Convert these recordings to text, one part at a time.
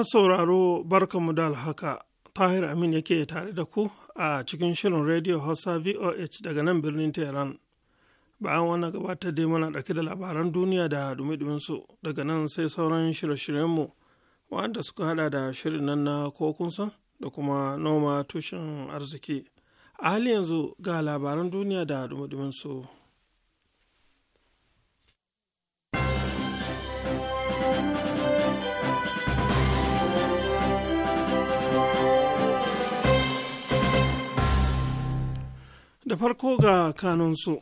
masu sauraro barkanmu da alhaka tahir amin yake tare da ku a cikin shirin radio hausa voh daga nan birnin tehran bayan wannan gabatar dai muna ɗauke da labaran duniya da dumi su daga nan sai sauran shirye-shiryenmu wanda suka hada da shirin nan na kokunsa da kuma noma tushen arziki a hali yanzu ga labaran duniya da dumi da farko ga kanunsu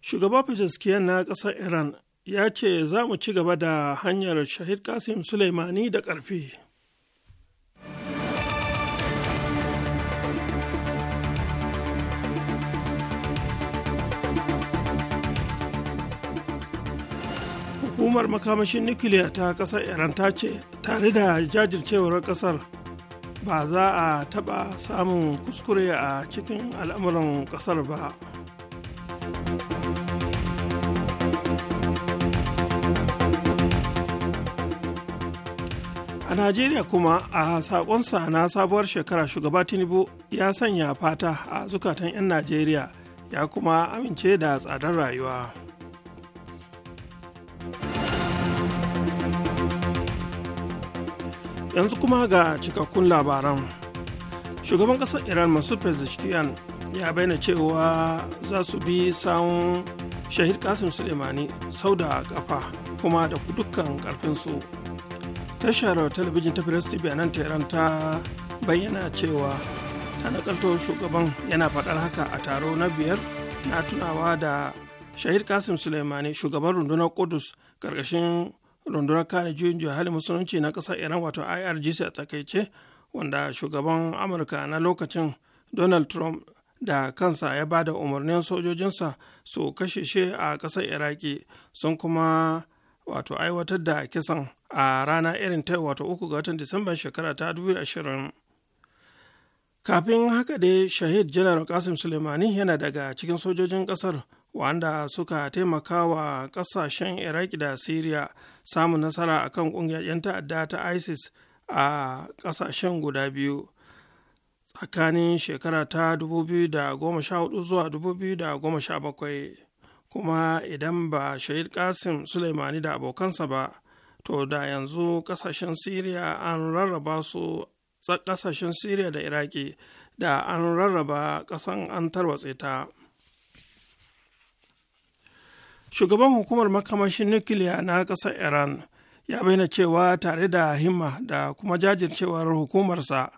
shugaba Pezeshkian na ƙasar iran ya ce za mu ci gaba da hanyar shahid kasim suleimani da ƙarfi hukumar makamashin nukiliya ta ƙasar iran ta ce tare da jajircewar ƙasar ba za a taɓa samun kuskure a cikin al'amuran ƙasar ba a najeriya kuma a sakonsa na sabuwar shekara shugaba tinubu ya sanya fata a zukatan 'yan najeriya ya kuma amince da tsadar rayuwa yanzu kuma ga cikakkun labaran shugaban kasar iran masu pezeshkian ya bayyana cewa za su bi sawun shahid kasim suleimani sau da kafa kuma da dukkan karfinsu tashar talabijin ta firas tv nan tehran ta bayyana cewa ta nakalto shugaban yana faɗar haka a taro na biyar na tunawa da shahid kasim suleimani shugaban rundunar kudus ƙarƙashin rundunar kare juyin halin musulunci na ƙasar iran wato irgc a takaice wanda shugaban amurka na lokacin donald trump da kansa ya ba da umarnin sojojinsa su kashe shi a ƙasar iraki sun kuma wato aiwatar da kisan a rana irin ta wato uku ga watan disamban shekara ta 2020 kafin haka dai shahid janar kasim suleimani yana daga cikin sojojin kasar. wanda suka taimaka wa ƙasashen iraki da syria samun nasara a kan ƙungiyar 'yan ta'adda ta isis a ƙasashen guda biyu tsakanin shekara ta 2014 zuwa 2017 kuma idan ba shahid kasim suleimani da abokansa ba to da yanzu ƙasashen syria an rarraba su ƙasashen syria da iraki da an rarraba ƙasan an tarwatse ta. shugaban hukumar makamashin nukiliya na ƙasar iran ya bayyana cewa tare da himma da kuma jajircewar hukumarsa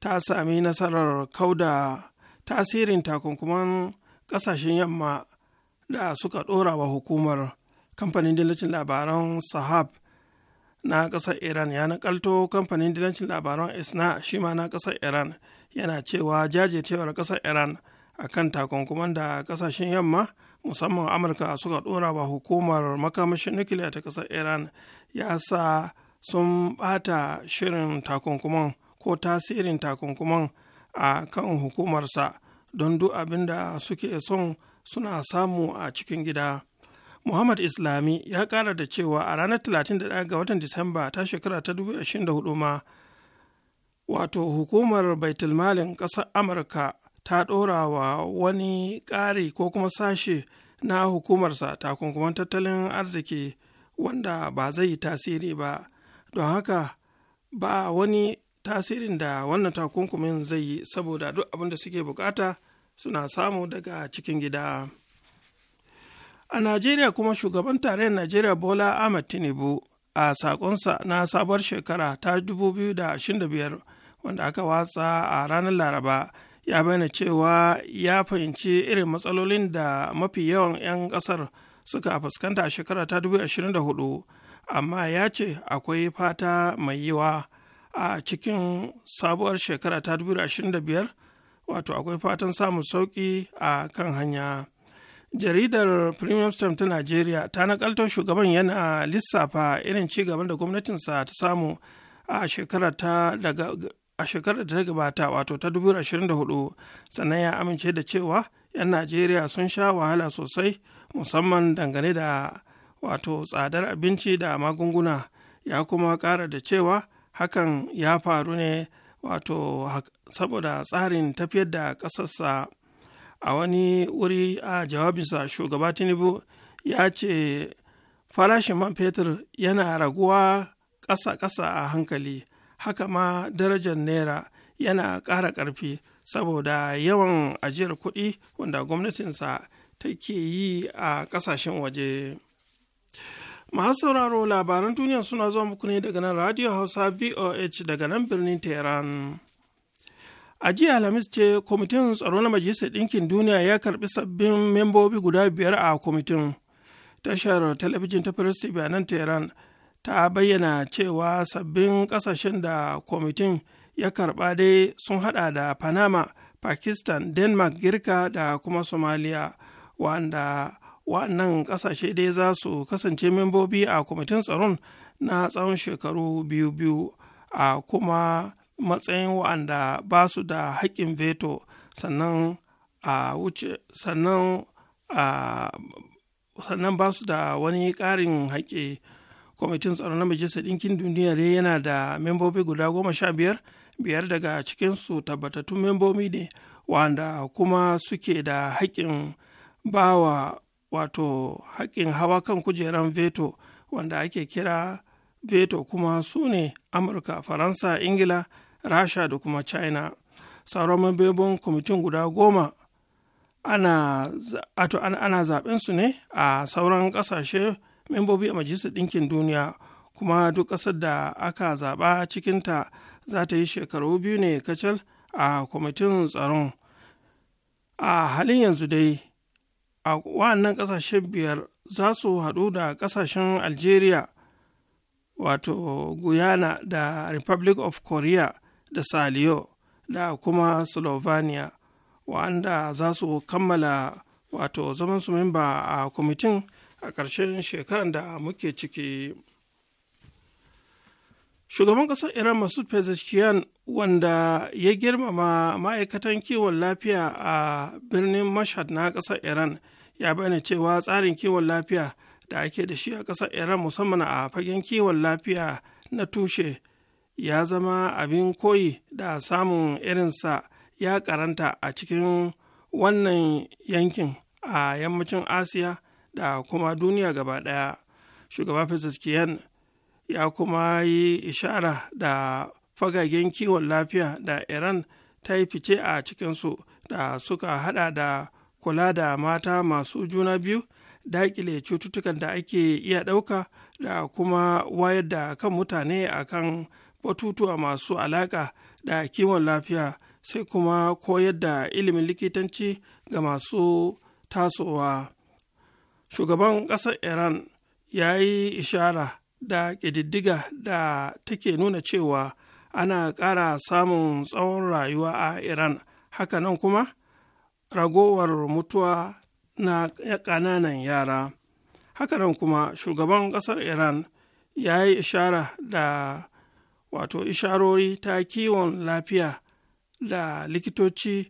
ta sami nasarar kauda tasirin takunkuman ƙasashen yamma da suka ɗora wa hukumar kamfanin dillacin labaran sahab na ƙasar iran ya nakalto kamfanin dillacin labaran isna shi ma na ƙasar iran yana cewa jajircewar ƙasar iran akan takunkuman da ƙasashen yamma musamman amurka suka dora ba hukumar makamashin nukiliya ta kasar iran ya sa sun ɓata shirin takunkuman ko tasirin takunkuman a kan hukumarsa don duk abin da suke son suna samu a cikin gida muhammad islami ya kara da cewa a ranar 31 ga watan disamba ta shekara ta 2024 ma wato hukumar baitulmalin kasar amurka ta ɗora wa wani ƙari ko kuma sashe na hukumarsa takunkuman tattalin arziki wanda ba zai yi tasiri ba don haka ba wani tasirin da wannan takunkumin zai yi saboda duk abin da suke bukata suna samu daga cikin gida a najeriya kuma shugaban tarayyar najeriya bola ahmed tinubu a sakonsa na sabuwar shekara ta 2025 wanda aka watsa a ranar laraba ya bayyana cewa ya fahimci irin matsalolin da mafi yawan 'yan ƙasar suka fuskanta a shekara ta 2024 amma ya ce akwai fata mai yiwa a cikin sabuwar shekara ta 2025 wato akwai fatan samun sauƙi a kan hanya jaridar premium stem ta najeriya ta nakalto shugaban yana lissafa irin ci gaban da gwamnatinsa ta samu a shekara ta daga a shekarar da ta gabata wato ta 2024 sannan ya amince da cewa 'yan najeriya sun sha wahala sosai musamman dangane da wato tsadar abinci da magunguna ya kuma ƙara da cewa hakan ya faru ne wato saboda tsarin tafiyar da ƙasarsa a wani wuri a jawabinsa shugaba tinubu ya ce farashin man fetur yana raguwa ƙasa-ƙasa a hankali haka ma darajar naira yana ƙara ƙarfi saboda yawan ajiyar kuɗi wanda gwamnatinsa take yi a ƙasashen waje masu sauraro labaran duniya suna zuwa muku ne daga nan radio hausa voh daga nan birnin tehran a jiya alhamis ce kwamitin tsaro na majalisar ɗinkin duniya ya karɓi sabbin membobi guda biyar a kwamitin tashar talabijin ta firistin bayanan tehran ta bayyana cewa sabbin ƙasashen da kwamitin ya karɓa dai sun haɗa da panama pakistan denmark girka da kuma somalia wanda wa'annan ƙasashe dai za su kasance membobi a kwamitin tsaron na tsawon shekaru biyu-biyu a kuma matsayin waɗanda ba su da haƙƙin veto sannan a wuce sannan a sannan ba su da wani ƙarin haƙƙi kwamitin tsaro na majalisar ɗinkin duniya dai yana da membobi guda goma sha biyar biyar daga cikinsu tabbatattun membobi ne wanda kuma suke da haƙƙin bawa wato haƙƙin hawa kan kujeran veto wanda ake kira veto kuma su ne amurka faransa ingila rasha da kuma china sauran membobin kwamitin guda goma ana, ana zaɓen su ne a sauran ƙasashe membobi a majalisar ɗinkin duniya kuma duk ƙasar da aka zaɓa cikinta za ta yi shekaru biyu ne kacal a kwamitin tsaron a halin yanzu dai a wa'annan ƙasashen biyar za su haɗu da ƙasashen algeria wato guyana da republic of korea da salio da kuma slovenia wa'anda za su kammala wato zaman su memba a kwamitin a ƙarshen shekaran da muke ciki shugaban ƙasar iran masu pezeshkian wanda ya girmama ma'aikatan kiwon lafiya a birnin mashad na ƙasar iran ya bayyana cewa tsarin kiwon lafiya da ake da shi a ƙasar iran musamman a fagen kiwon lafiya na tushe ya zama abin koyi da samun irinsa ya karanta a cikin wannan yankin a yammacin asiya da kuma duniya gaba ɗaya shugaba Pezeshkian ya kuma yi ishara da fagagen kiwon lafiya da iran ta yi fice a cikinsu da suka hada da kula da mata masu juna biyu daƙile cututtukan da ake iya ɗauka da kuma wayar da kan mutane akan batutuwa masu alaƙa da kiwon lafiya sai kuma koyar da ilimin likitanci ga masu tasowa shugaban ƙasar iran ya yi ishara da ƙididdiga da take nuna cewa ana ƙara samun tsawon rayuwa a iran hakanan kuma ragowar mutuwa na ƙananan yara hakanan kuma shugaban ƙasar iran ya yi ishara da wato isharori ta kiwon lafiya da likitoci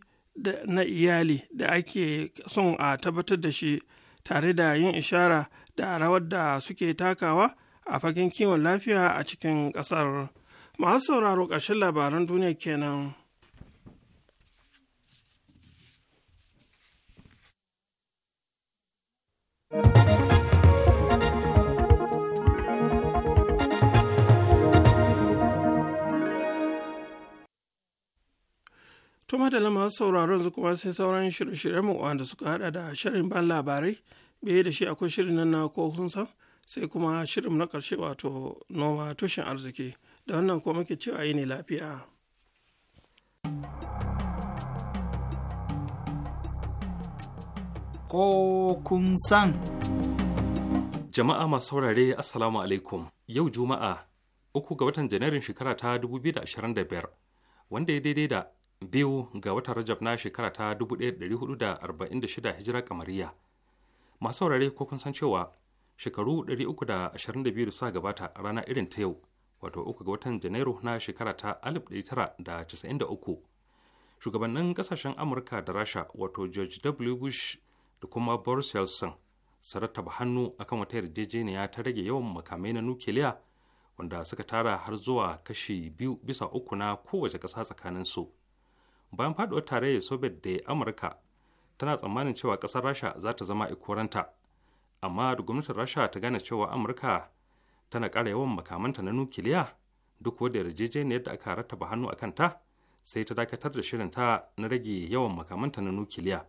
na iyali da ake son a tabbatar da shi tare da yin ishara da rawar da suke takawa a fagen kiwon lafiya a cikin ƙasar masu sauraro ƙarshen labaran duniya kenan. thank you Tuma da lama sauraron su kuma sai sauran shirye-shiryen mu wanda suka hada da shirin ban labarai biye da shi akwai shirin nan na ko san sai kuma shirin na karshe wato noma tushen arziki da wannan kuma muke cewa yi ne lafiya. Ko kun san. Jama'a masu saurare Assalamu alaikum yau Juma'a uku ga watan Janairun shekara ta 2025 wanda ya daidai da biyu ga watan rajab na shekara ta 1446 hijira kamariya masu saurare ko kun san cewa shekaru 322 da suka gabata a rana irin ta yau wato uku ga watan janairu na shekara ta 1993 shugabannin kasashen amurka da rasha wato george w bush da kuma boris yeltsin ba hannu akan wata yarjejeniya ta rage yawan makamai na nukiliya wanda suka tara har zuwa kashi biyu bisa uku na kowace ƙasa tsakaninsu bayan faduwar tarayyar soviet da amurka tana tsammanin cewa kasar rasha za ta zama ikoranta amma da gwamnatin rasha ta gane cewa amurka tana ƙara yawan makamanta na nukiliya duk wadda yarjejeniyar da aka rattaba hannu a kanta sai ta dakatar da shirin ta na rage yawan makamanta na nukiliya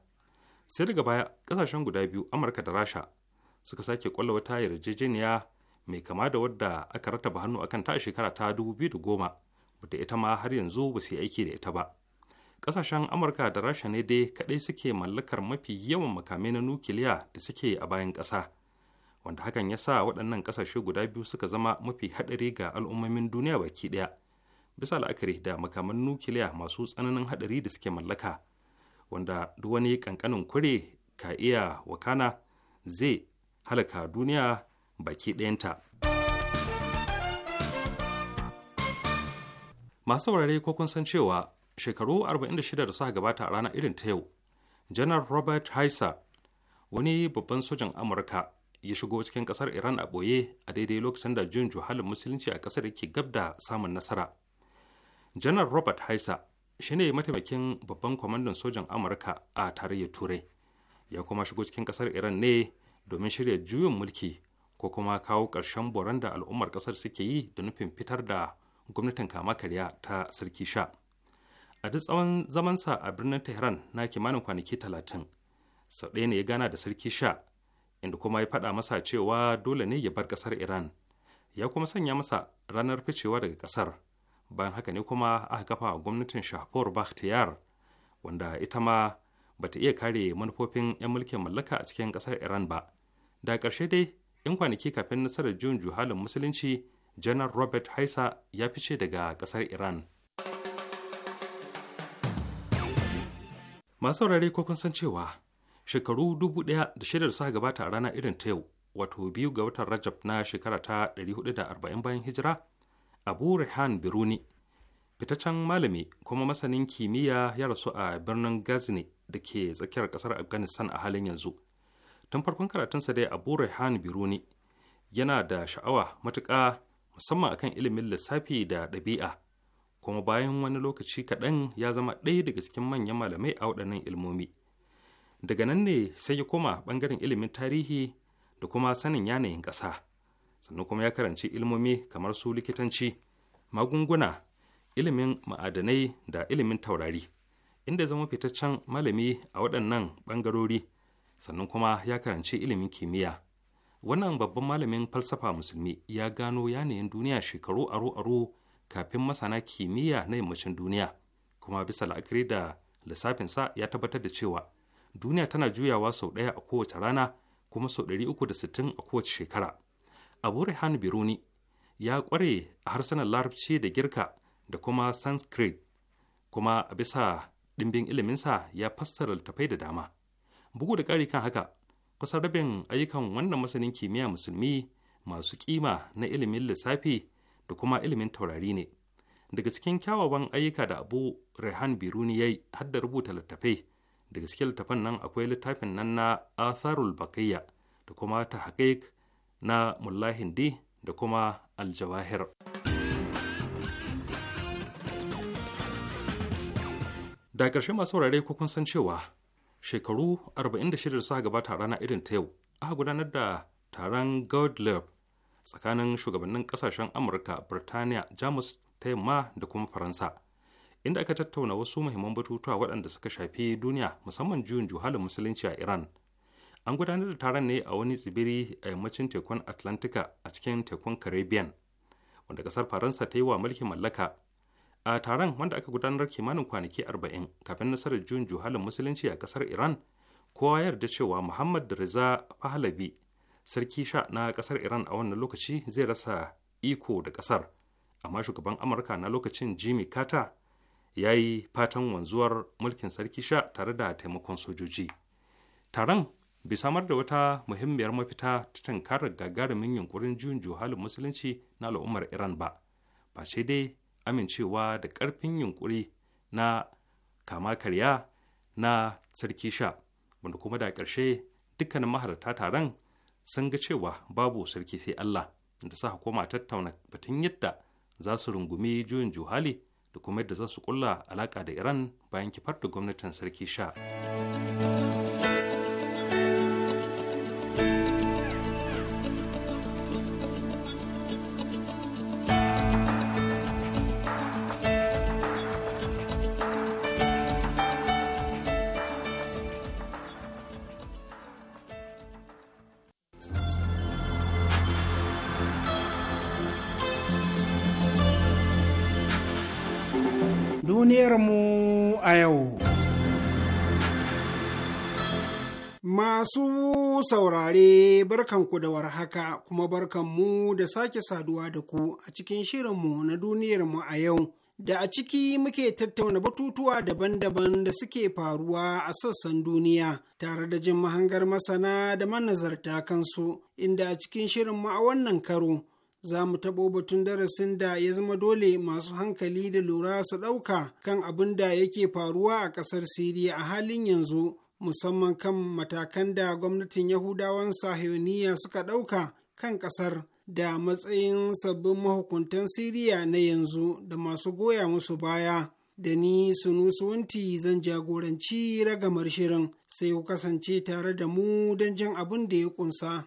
sai daga baya kasashen guda biyu amurka da rasha suka sake kwallo wata yarjejeniya mai kama da wadda aka rattaba hannu a kanta a shekara ta dubu biyu da goma wadda ita ma har yanzu ba su yi aiki da ita ba kasashen amurka da rasha ne dai kadai suke mallakar mafi yawan makamai na nukiliya da suke a bayan kasa wanda hakan ya sa waɗannan kasashe guda biyu suka zama mafi haɗari ga al'ummomin duniya baki ɗaya bisa la'akari da makaman nukiliya masu tsananin haɗari da suke mallaka wanda duk wani ƙanƙanin kure ka iya wakana zai halaka duniya baki ɗayanta. masu wurare ko kun san cewa shekaru 46 da suka gabata a ranar irin ta yau janar robert heiser wani babban sojan amurka ya shigo cikin kasar iran a boye a daidai lokacin da jun juhalin musulunci a kasar yake gab da samun nasara janar robert heiser shine mataimakin babban kwamandan sojan amurka a tarayyar turai ya kuma shigo cikin kasar iran ne domin shirya juyin mulki ko kuma kawo ƙarshen boran da al'ummar ƙasar suke yi da nufin fitar da gwamnatin kama karya ta sarki sha a duk tsawon zamansa a birnin tehran na kimanin kwanaki talatin sau ɗaya ne ya gana da sarki sha inda kuma ya faɗa masa cewa dole ne ya bar ƙasar iran ya kuma sanya masa ranar ficewa daga ƙasar bayan haka ne kuma aka kafa gwamnatin shahpor bakhtiyar wanda ita ma bata iya kare manufofin 'yan mulkin mallaka a cikin ƙasar iran ba da ƙarshe dai in kwanaki kafin nasarar juyin juhalin musulunci janar robert haisa ya fice daga ƙasar iran masu saurari ko kun san cewa shekaru dubu ɗaya da shida da suka gabata a rana irin ta yau wato biyu ga watan rajab na shekara ta 440 bayan hijira abu rehan biruni fitaccen malami kuma masanin kimiyya ya rasu a birnin gazni da ke tsakiyar kasar afghanistan a halin yanzu tun farkon karatunsa dai abu rehan biruni yana da sha'awa matuƙa musamman akan ilimin lissafi da ɗabi'a kuma bayan wani lokaci kaɗan ya zama ɗaya daga cikin manyan malamai a waɗannan ilmomi daga nan ne sai ya koma ɓangaren ilimin tarihi da kuma sanin yanayin ƙasa sannan kuma ya karanci ilmomi kamar su likitanci magunguna ilimin ma'adanai da ilimin taurari inda ya zama fitaccen malami a waɗannan ɓangarori sannan kuma ya karanci ilimin kimiyya wannan babban malamin falsafa musulmi ya gano yanayin duniya shekaru aro-aro kafin masana kimiyya na yammacin duniya kuma bisa la'akari da sa ya tabbatar da cewa duniya tana juyawa sau ɗaya a kowace rana kuma sau ɗari uku da sittin a kowace shekara abu rehan biruni ya ƙware a harsunan larabci da girka da kuma sanskrit kuma a bisa ɗimbin iliminsa ya fassara littattafai da dama bugu da ƙari kan haka kusan rabin ayyukan wannan masanin kimiyya musulmi masu kima na ilimin lissafi da kuma ilimin taurari ne daga cikin kyawawan ayyuka da abu rehan biruni ya yi har da rubuta littattafai daga cikin littattafan nan akwai littafin nan na atharul bakayya da kuma ta na hindi da kuma aljawahir da ƙarshe masu wurare ko kun san cewa shekaru 46 da suka gabata rana irin ta yau aka gudanar da taron god tsakanin shugabannin kasashen amurka birtaniya jamus ta yamma da kuma faransa inda aka tattauna wasu muhimman batutuwa waɗanda suka shafi duniya musamman juyin juhalin musulunci a iran an gudanar da taron ne a wani tsibiri a yammacin tekun atlantika a cikin tekun caribbean wanda kasar faransa ta yi wa mulkin mallaka a taron wanda aka gudanar kimanin kwanaki arba'in kafin nasarar juyin juhalin musulunci a kasar iran kowa yarda cewa muhammad da riza pahlavi sarki sha na kasar iran a wannan lokaci zai rasa iko da kasar amma shugaban amurka na lokacin jimmy carter ya yi fatan wanzuwar mulkin sarki sha tare da taimakon sojoji taron bai samar da wata muhimmiyar mafita ta tankarar gagarumin yunkurin juyin juhalin musulunci na al'ummar iran ba ba sai dai amincewa da karfin yunkuri na kama karya na sarki sha wanda kuma da ƙarshe dukkanin mahalarta taron sun ga cewa babu sarki sai Allah da sa hukuma tattauna batun yadda za su rungumi juyin juhali da kuma yadda za su kulla alaka da Iran bayan kifar da gwamnatin sarki sha. Masu saurare barkanku da warhaka kuma barkanmu da sake saduwa da ku a cikin shirinmu na duniyar mu a yau. Da a ciki muke tattauna batutuwa daban-daban da suke faruwa a sassan duniya tare da jin mahangar masana da manazarta kansu, inda a cikin shirinmu a wannan karo za mu taɓo batun darasin da ya zama dole masu hankali da lura su ɗauka kan abin da yake faruwa a ƙasar Siriya a halin yanzu. musamman kan matakan da gwamnatin yahudawan sahiyoniya suka ɗauka kan ƙasar da matsayin sabbin mahukuntan siriya na yanzu da masu goya musu baya da ni sunusuwanti zan jagoranci ragamar shirin sai ku kasance tare da mu don jin abin da ya ƙunsa.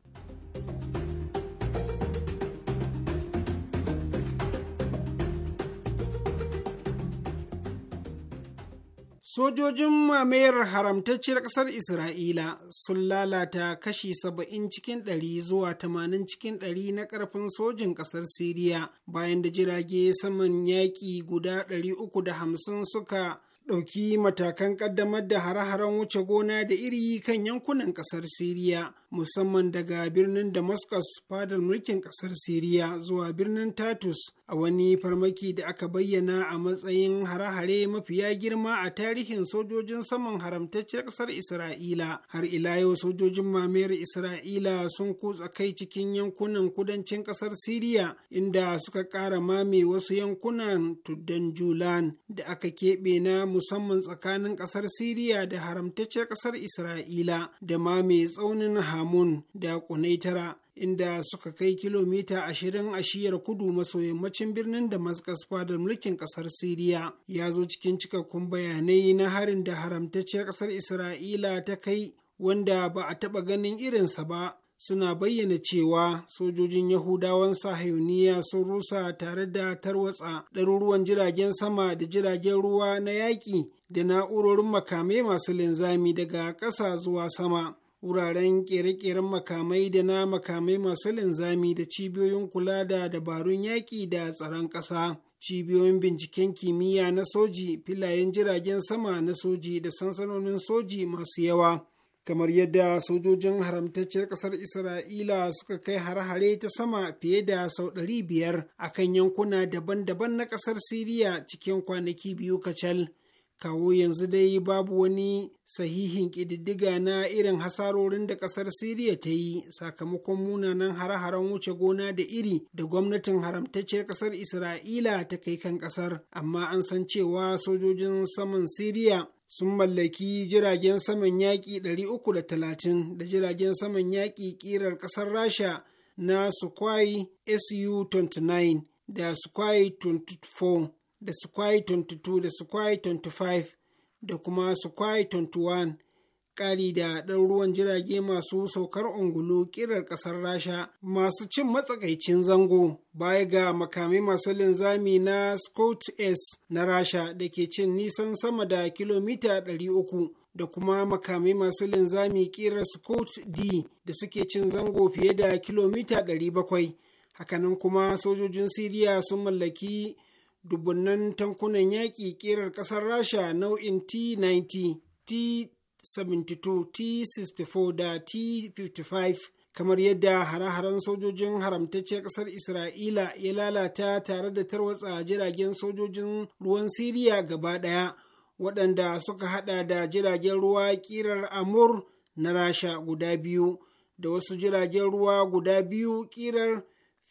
Sojojin mamayar haramtacciyar ƙasar Isra'ila sun lalata kashi saba'in cikin ɗari zuwa tamanin cikin ɗari na ƙarfin sojin ƙasar Siriya bayan da jirage saman yaƙi guda ɗari uku da hamsin suka ɗauki matakan ƙaddamar da hare-haren wuce gona da iri kan yankunan ƙasar Siriya. musamman daga birnin Damascus fadar mulkin ƙasar Siriya zuwa birnin Tatus a wani farmaki da aka bayyana a matsayin hare-hare mafiya girma a tarihin sojojin saman haramtacciyar ƙasar Isra'ila. Har ila yau sojojin mamayar Isra'ila sun kutsa kai cikin yankunan kudancin ƙasar Siriya inda suka ƙara mame wasu yankunan tuddan Julan da aka keɓe na musamman tsakanin ƙasar Siriya da haramtacciyar ƙasar Isra'ila da mame tsaunin ha mun da kunaitara inda suka kai kilomita ashirin a shiyar kudu maso yammacin birnin damascus fadar mulkin kasar siriya ya zo cikin cikakkun bayanai na harin da haramtacciyar kasar isra'ila ta kai wanda ba a taɓa ganin irinsa ba suna bayyana cewa sojojin Yahudawan sahayuniya sun rusa tare da tarwatsa ɗaruruwan jiragen sama da jiragen ruwa na yaƙi da na'urorin makamai masu linzami daga ƙasa zuwa sama. wuraren ƙere-ƙeren makamai da na makamai masu linzami da cibiyoyin kula da dabarun yaƙi da tsaron ƙasa. Cibiyoyin binciken kimiyya na soji, filayen jiragen sama na soji da sansanonin soji masu yawa. Kamar yadda sojojin haramtacciyar ƙasar Isra'ila suka kai hare-hare ta sama fiye da sau ɗari biyar a kan yankuna daban-daban na ƙasar Siriya cikin kwanaki biyu kacal. kawo yanzu dai babu wani sahihin ƙididdiga na irin hasarorin da ƙasar siriya ta yi sakamakon munanan hare-haren wuce gona da iri da gwamnatin haramtacciyar ƙasar isra'ila ta kai kan ƙasar amma an san cewa sojojin saman siriya sun mallaki jiragen saman yaƙi 330 da jiragen saman yaƙi ƙirar ƙasar rasha na sukwai su-29 da sukwai 24 da Sukhoi 22 da Sukhoi 25 da kuma Sukhoi 21 ƙari da ɗan ruwan jirage masu saukar ungulu ƙirar ƙasar Rasha masu cin matsakaicin zango baya ga makamai masu linzami na Scott S na Rasha da ke cin nisan sama da kilomita 300. da kuma makamai masu linzami ƙirar Scott D da suke cin zango fiye da kilomita 700. Hakanan kuma sojojin Siriya sun mallaki dubunnan tankunan yaƙi ƙirar ƙasar rasha nau'in t90 t72 t64 da t55 kamar yadda hare-haren sojojin haramtacciyar ƙasar isra'ila ya lalata tare da tarwatsa jiragen sojojin ruwan siriya gaba ɗaya waɗanda suka haɗa da jiragen ruwa ƙirar amur na rasha guda biyu da wasu jiragen ruwa guda biyu ƙirar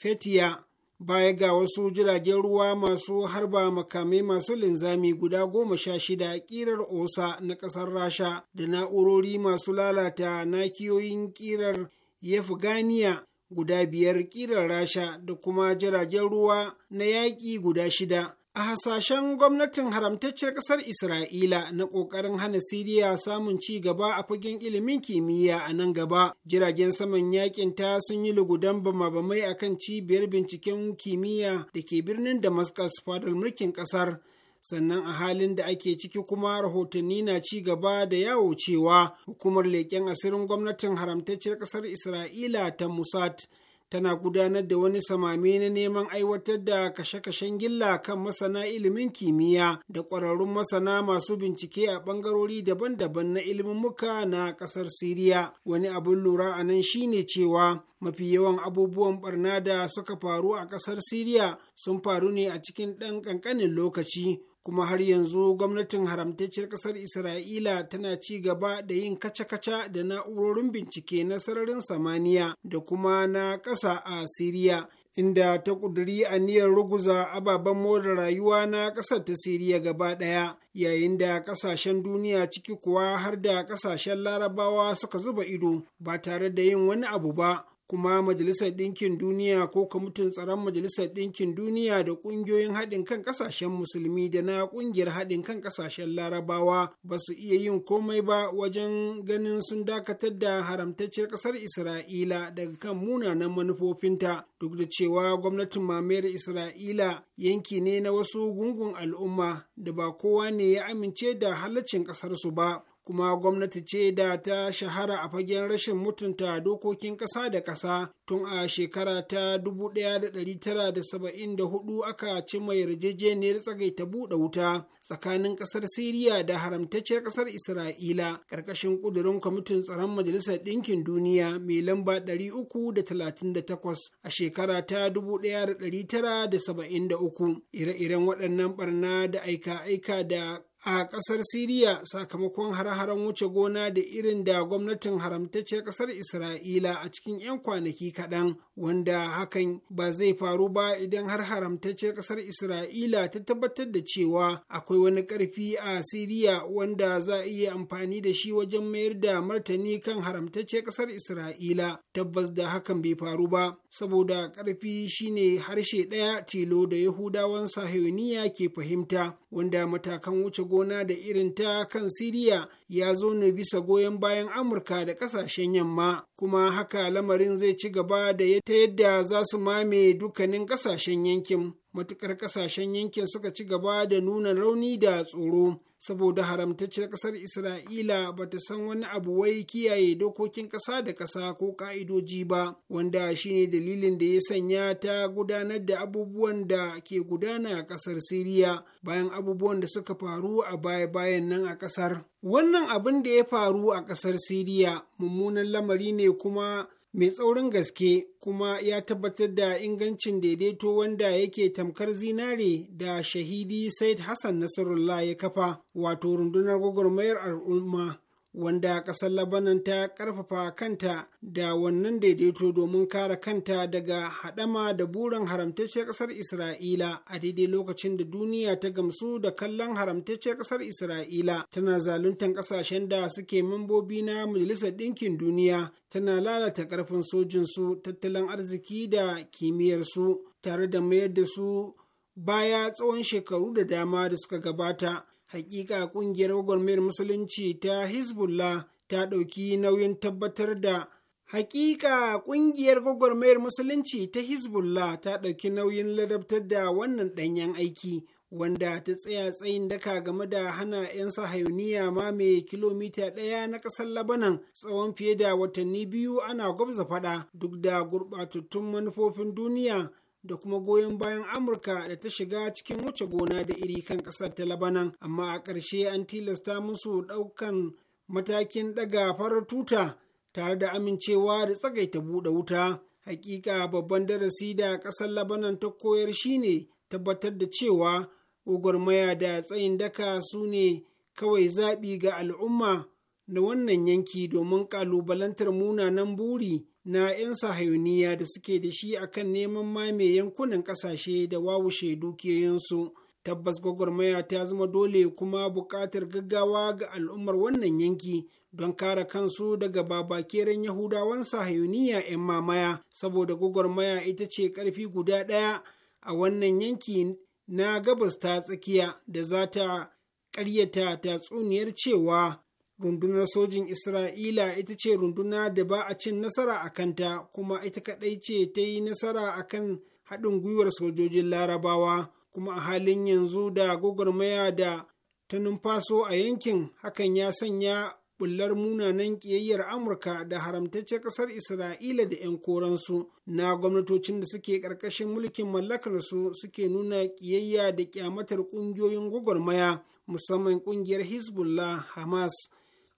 fetiya baya ga wasu jiragen ruwa masu harba makamai masu linzami guda goma sha shida kirar osa na ƙasar rasha da na'urori masu lalata nakiyoyin kirar yafganiya guda biyar kirar rasha da kuma jiragen ruwa na yaƙi guda shida a hasashen gwamnatin haramtacciyar ƙasar Isra'ila na ƙoƙarin hana Siriya samun ci gaba a fagen ilimin kimiyya a nan gaba. Jiragen saman yakin ta sun yi lugudan bama-bamai a kan cibiyar binciken kimiyya da ke birnin Damascus fadar mulkin ƙasar. Sannan a halin da ake ciki kuma rahotanni na ci gaba da yawo cewa hukumar leƙen asirin gwamnatin haramtacciyar ƙasar Isra'ila ta Musat. tana gudanar da wani samami na neman aiwatar da kashe-kashen gilla kan masana ilimin kimiyya da ƙwararrun masana masu bincike a ɓangarori daban-daban na ilimin muka na ƙasar siriya wani abin lura a nan shine cewa mafi yawan abubuwan barna da suka faru a ƙasar siriya sun faru ne a cikin ɗan ƙanƙanin lokaci kuma har yanzu gwamnatin haramtacciyar ƙasar isra'ila tana ci gaba da yin kaca-kaca da na'urorin bincike na sararin samaniya da kuma na ƙasa a siriya inda ta ƙuduri aniyar ruguza ababen more rayuwa na ƙasar ta siriya gaba ɗaya yayin da ƙasashen duniya ciki kuwa har da ƙasashen larabawa suka zuba ido ba tare da yin wani abu ba kuma majalisar ɗinkin duniya ko kwamitin tsaron majalisar ɗinkin duniya da ƙungiyoyin haɗin kan ƙasashen musulmi da na ƙungiyar haɗin kan ƙasashen larabawa ba su iya yin komai ba wajen ganin sun dakatar da haramtacciyar ƙasar isra'ila daga kan munanan manufofinta duk da cewa gwamnatin mamayar isra'ila yanki ne na wasu gungun al'umma da ba kowa ne ya amince da halaccin ƙasarsu ba kuma gwamnati ce da ta shahara a fagen rashin mutunta dokokin ƙasa da ƙasa tun a shekara ta 1974 aka mai yarjejeniyar tsagaita buɗe wuta tsakanin ƙasar siriya da haramtacciyar ƙasar isra'ila ƙarƙashin ƙudurin kwamitin tsaron majalisar ɗinkin duniya mai lamba 338 a shekara ta 1973 ire-iren waɗannan barna da aika-aika da a ƙasar Siriya sakamakon hare-haren wuce gona da irin da gwamnatin haramtacce ƙasar Isra'ila a cikin 'yan kwanaki kaɗan wanda hakan ba zai faru ba idan har haramtacce ƙasar Isra'ila ta tabbatar da cewa akwai wani ƙarfi a Siriya wanda za a iya amfani da shi wajen mayar da martani kan haramtacce ƙasar Isra'ila tabbas da hakan bai faru ba saboda ƙarfi shine harshe ɗaya tilo da Yahudawan Sahiyoniya ke fahimta, wanda matakan wuce gona da irin ta kan Siriya ya zo ne bisa goyon bayan Amurka da ƙasashen yamma, kuma haka lamarin zai ci gaba da ta yadda za su mame dukkanin ƙasashen yankin. matukar ƙasashen yankin suka ci gaba da nuna rauni da tsoro saboda haramtacciyar ƙasar isra'ila ba ta san wani abu wai kiyaye dokokin ƙasa da ƙasa ko ƙa'idoji ba wanda shine dalilin da ya sanya ta gudanar da abubuwan da ke gudana a kasar siriya bayan abubuwan da suka faru a baya bayan nan a ƙasar. wannan abin da ya faru a ƙasar siriya mummunan lamari ne kuma mai tsaurin gaske kuma ya tabbatar da ingancin daidaito wanda yake tamkar zinare da shahidi said hassan nasarullah ya kafa wato rundunar gwagwarmayar al'umma wanda ƙasar labanan ta ƙarfafa kanta da wannan daidaito domin kare kanta daga haɗama da burin haramtacciyar ƙasar isra'ila a daidai lokacin da duniya ta gamsu da kallon haramtacciyar ƙasar isra'ila tana zaluntan ƙasashen da suke mambobi na majalisar ɗinkin duniya tana lalata ƙarfin sojinsu tattalin arziki da kimiyyarsu tare da mayar da su baya tsawon shekaru da dama da suka gabata hakika kungiyar gwagwarmayar musulunci ta hezbollah ta ɗauki nauyin tabbatar da hakika kungiyar gwagwarmayar musulunci ta hezbollah ta ɗauki nauyin ladabtar da wannan ɗanyen aiki wanda ta tsaya tsayin daka game da hana 'yan sahayuniya mai kilomita ɗaya na ƙasar labanan tsawon fiye da watanni biyu ana gwabza faɗa duk da gurɓatattun manufofin duniya da kuma goyon bayan Amurka da ta shiga cikin wuce gona da iri kan ƙasar ta Labanan, amma a ƙarshe an tilasta musu ɗaukan matakin ɗaga farar tuta tare da amincewa da tsagaita buɗe wuta. Hakika babban darasi da ƙasar Labanan ta koyar shine tabbatar da cewa gwagwarmaya da tsayin daka su ne kawai zaɓi ga al'umma na wannan yanki domin ƙalubalantar munanan buri na 'yan sahayuniya da suke da shi a kan neman mame yankunan ƙasashe da wawushe dukiyoyinsu tabbas gwagwarmaya ta zama dole kuma buƙatar gaggawa ga al'ummar wannan yanki don kare kansu daga babakeren yahudawan sahayuniya 'yan mamaya saboda gwagwarmaya ita ce ƙarfi guda ɗaya a wannan yanki na gabas ta tsakiya da za ta ƙaryata tatsuniyar cewa rundunar sojin Isra'ila ita ce runduna da ba a cin nasara a kanta kuma ita kaɗai ce ta yi nasara a kan haɗin gwiwar sojojin larabawa kuma a halin yanzu da gwagwarmaya da ta numfaso a yankin hakan ya sanya bullar munanan ƙiyayyar amurka da haramtacce ƙasar isra'ila da 'yan koransu na gwamnatocin da suke ƙarƙashin mulkin mallakarsu suke nuna ƙiyayya da ƙyamatar ƙungiyoyin gwagwarmaya musamman ƙungiyar hezbollah hamas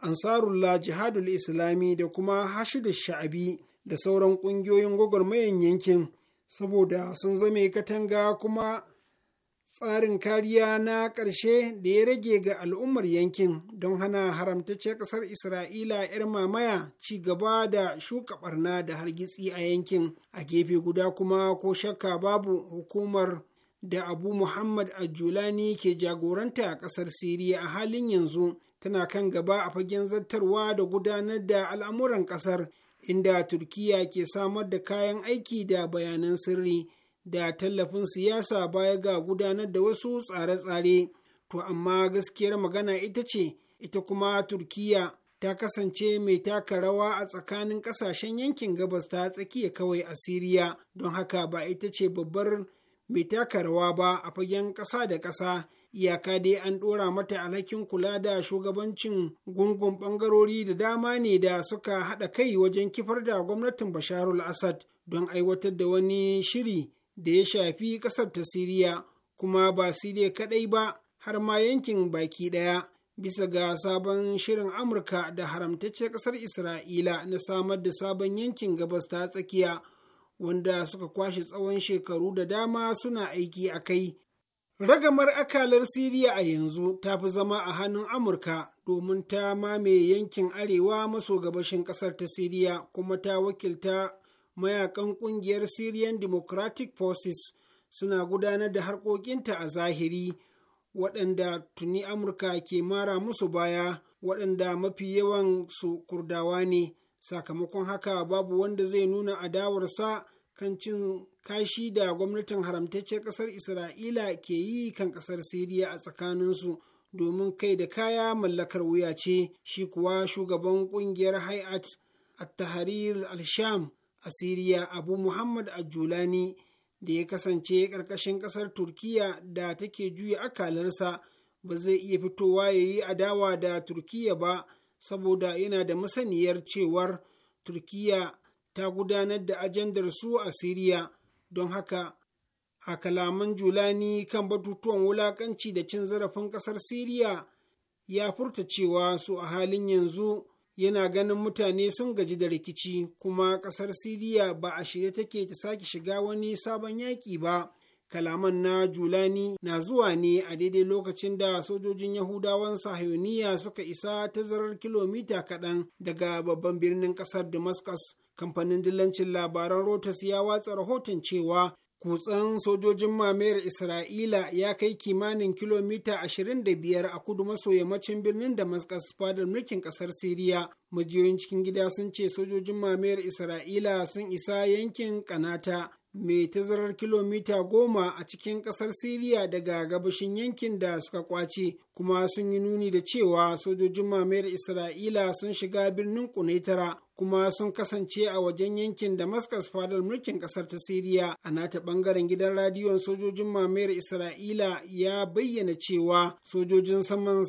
ansarullah jihadul islami da kuma hashidu sha'abi da sauran ƙungiyoyin gwagwarmayan yankin saboda sun zame katanga kuma tsarin kariya na ƙarshe da ya rage ga al'ummar yankin don hana haramtacciyar ƙasar isra'ila 'yar mamaya ci gaba da shuka barna da hargitsi a yankin a gefe guda kuma ko shakka babu hukumar da abu muhammad ajulani ke jagoranta a ƙasar siriya a halin yanzu tana kan gaba a fagen zartarwa da gudanar da al'amuran ƙasar inda turkiya ke samar da kayan aiki da bayanan sirri da tallafin siyasa baya ga gudanar da wasu tsare-tsare to amma gaskiyar magana ita ce ita kuma turkiya ta kasance mai taka rawa a tsakanin kasashen yankin gabas ta tsakiya kawai a siriya don haka ba ita ce babbar Bai taka rawa ba a fagen ƙasa da ƙasa iyaka dai an ɗora mata alhakin kula da shugabancin gungun ɓangarori da dama ne da suka haɗa kai wajen kifar da gwamnatin basharul asad don aiwatar da wani shiri da ya shafi ƙasar ta siriya kuma ba siriya kaɗai ba har ma yankin baki ɗaya bisa ga sabon shirin amurka da haramtacce ƙasar isra'ila na samar da sabon yankin gabas ta tsakiya wanda suka kwashe tsawon shekaru da dama suna aiki a kai ragamar akalar siriya a yanzu ta fi zama a hannun amurka domin ta mame yankin arewa maso gabashin kasar ta siriya kuma ta wakilta mayakan kungiyar syrian democratic forces suna gudanar da harkokinta a zahiri waɗanda tuni amurka ke mara musu baya waɗanda mafi yawan su kurdawa ne sakamakon haka babu wanda zai nuna adawarsa kan cin kashi da gwamnatin haramtaccen ƙasar isra'ila ke yi kan ƙasar siriya a tsakaninsu domin kai da kaya mallakar wuya ce shi kuwa shugaban ƙungiyar hayat at-tahrir al-sham a siriya abu muhammad ajulani da ya kasance ƙarƙashin ƙasar turkiya da take juya akalarsa ba zai iya fitowa ya yi adawa da turkiya ba saboda yana da masaniyar cewar turkiya ta gudanar da ajandar su a Siriya, don haka a kalaman Julani kan batutuwan wulakanci da cin zarafin ƙasar Siriya ya furta cewa su a halin yanzu yana ganin mutane sun gaji da rikici kuma ƙasar Siriya ba a shirye take ta sake shiga wani sabon yaƙi ba. kalaman na julani na zuwa ne a daidai lokacin da sojojin yahudawan sahiyoniya suka isa tazarar kilomita kaɗan daga babban birnin ƙasar damascus kamfanin dillancin labaran rotas ya watsa rahoton cewa kutsan sojojin mamayar isra'ila ya kai kimanin kilomita 25 a kudu maso yammacin birnin damascus fadar mulkin kasar siriya majiyoyin cikin gida sun ce sojojin mamayar isra'ila sun isa yankin kanata mai tazarar kilomita goma a cikin ƙasar Siriya daga gabashin yankin da suka kwace, kuma sun yi nuni da cewa sojojin mamayar Isra'ila sun shiga birnin Kunaitara kuma sun kasance a wajen yankin Damascus fadar mulkin ƙasar ta Siriya. A nata ɓangaren gidan radiyon sojojin mamayar Isra'ila ya bayyana cewa sojojin saman